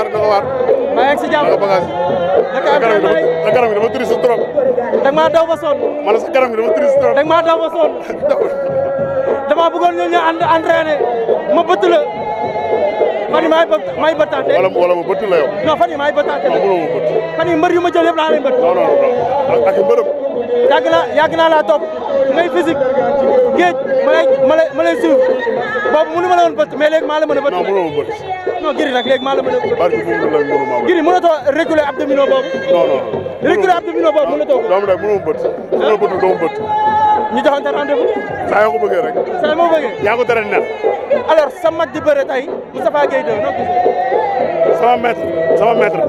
jaar na ko waar. maa yegg si jàmm maa ngi bagage. naka am na may sa kanam gi dama triste trop. da maa daw ba sonn. ma ne sa kanam gi dama triste trop. da maa daw ba sonn. dama bëggoon ma bëtt la. fan yii maay bë maay bëttaate. wala wala mu bëtt la yow. non fan yii maay bëttaate la. waaw bëtt. naa yàgg naa laa topp ngay physique. géej ma lay ma lay ma lay suuf boobu mënu ma la woon bët mais léegi maa la mën a bët. non mënoo ma bët. non giri nag léegi maa la mën a bët. parce que moom la mënu maa bët. giri mënatoo reculer abdominaux boobu. non non reculer abdominaux boobu mënatoo ko. doomu rek mënu ma bët. mënu ma bët doomu bët. ñu joxante rendez-vous. saa yoo ko bëggee rek. saa yoo ma ko bëggee. yaa ko tere neex. alors sa mag di bëre tey Moustapha Gueye de noo gisee. sama maître sama maître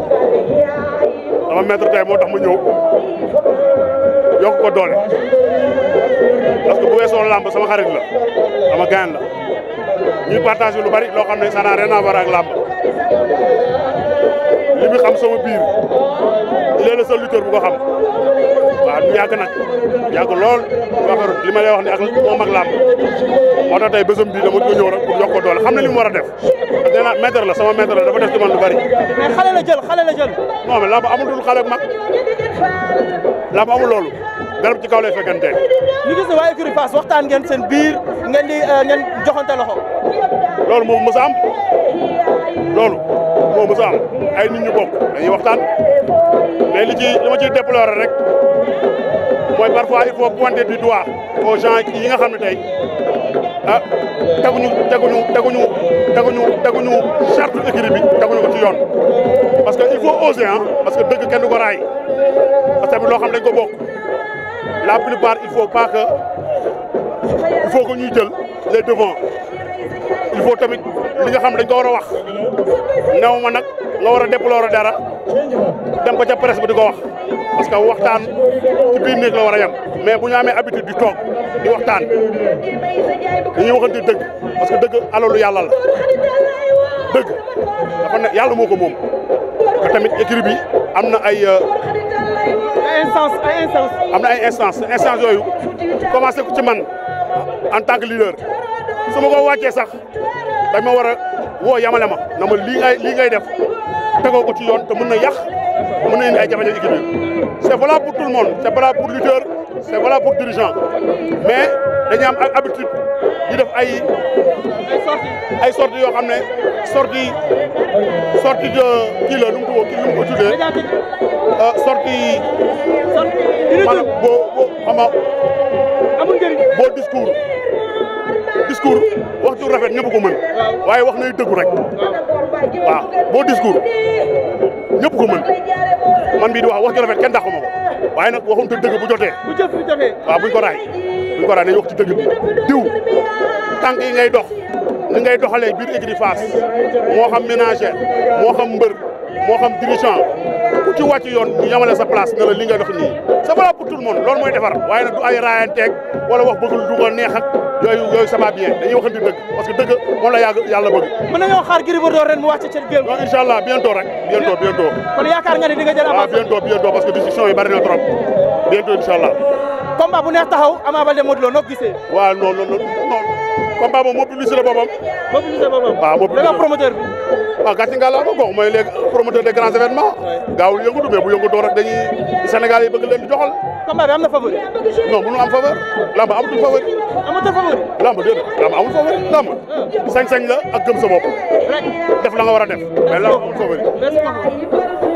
sama maître tey moo tax mu ñëw yokk ko doole parce que bu weesoo làmb sama xarit la sama gaan la ñuy partagé lu bari loo xam ne ça n'a rien làmb li mu xam sama biir il est bu ko xam waaw yàgg nag yàgg lool waxaru li ma lay wax ne ak moom ak làmb moo tax tey bésam bii dama ko ñëw rek pour jox doole xam na li war a def parce que nee la sama maître la dafa def ci man lu bari mais xale la jël xale la jël non mais làmb amatul xale ak mag làmb amul loolu garab ci kaw lay fekkante ñu gis ne waaye Écurie Fass waxtaan ngeen seen biir ngeen di euh, ngeen joxante loxo loolu moom mos a loolu moo mës a am ay nit ñu bokk waxtaan mais li ci li ma ciy déplorer rek mooy parfois il faut pointer du doigt aux gens yi nga xam ne tey ah teguñu teguñu teguñu teguñu teguñu charte écrit bi teguñu ko yoon parce que il faut oser ah parce que dëgg kenn du ko loo xam dañ ko bokk la plupart il faut pas que il faut que ñuy jël les il faut tamit li nga xam dañ ko war wax new ma nag nga war a dara dem ko ca di ko wax parce que waxtaan ci la war a yem mais bu ñu amee habitude di toog di waxtaan dañuy waxante dëgg parce que dëgg alalu yàlla dëgg dafa ne yàlla ko moom te tamit bi am na ay euh, instance instance na ay instance instance yooyu commencé ko ci man en tant que leader su ma ko wàccee sax dañ ma war a woo yamale ma na ma lii ngay lii ngay def tegoo ko ci yoon te mën na yàq mën na indi ay jafe-jafe équipe bi c'est valable pour tout le monde c'est valable pour lutteur c'est valable pour dirigeant mais dañu am habitude di def ay ay sorties yoo xam ne sortie sortie de kii la nu mu ko kii nu mu ko tuddee euh, sortie maanaam boo boo xam boo discours discours wax ju rafet ñëpp ko mën waaye wax nay dëggu rek waaw boo discours ñëpp ko mën man bii di wax wax ju rafet kenn dàqu ma ko waaye nag waxum te dëgg bu jotee waaw buñ ko raay buñ ko raay nañ wax ci dëgg bi diw tànk yi ngay dox ni ngay doxalee biir écurie Fass moo xam ménagère moo xam mbër moo xam dirigeant ku ci wàcc yoon ñu yamale sa place ne la li nii c'est valable pour tout loolu mooy defar waaye nag du ay raayanteeg wax bëggul du ko neex ak yooyu yooyu ça va bien dañuy waxante parce dëgg moom la yàgg yàlla bëgg. mën nañoo xaar Gris Bordeaux ren mu wàcc ca géew. waaw incha allah bientôt rek bientôt kon yaakaar nga ni di nga jël ah, avance. parce que discussion yi bari na trop bientôt incha allah. bu neex taxaw Ama Baldé Modou Lô noo combat moom moo publicité boppam. moo publicité boppam waaw moo publicité promoteur bi. waaw ah, gàcce ngalaama gox mooy léegi promoteur des grands événements. gaawul yëngu mais bu yëngatoo rek dañuy Sénégal yi bëgg leen di joxal. combat bi am na favori. non mënu am favori. lamba amatul favori. amatul favori. lamba déedéet lamba amul favori lamba. sañ-sañ la ak gëm sa bopp. rek def la nga war a def. mais lamba amul favori.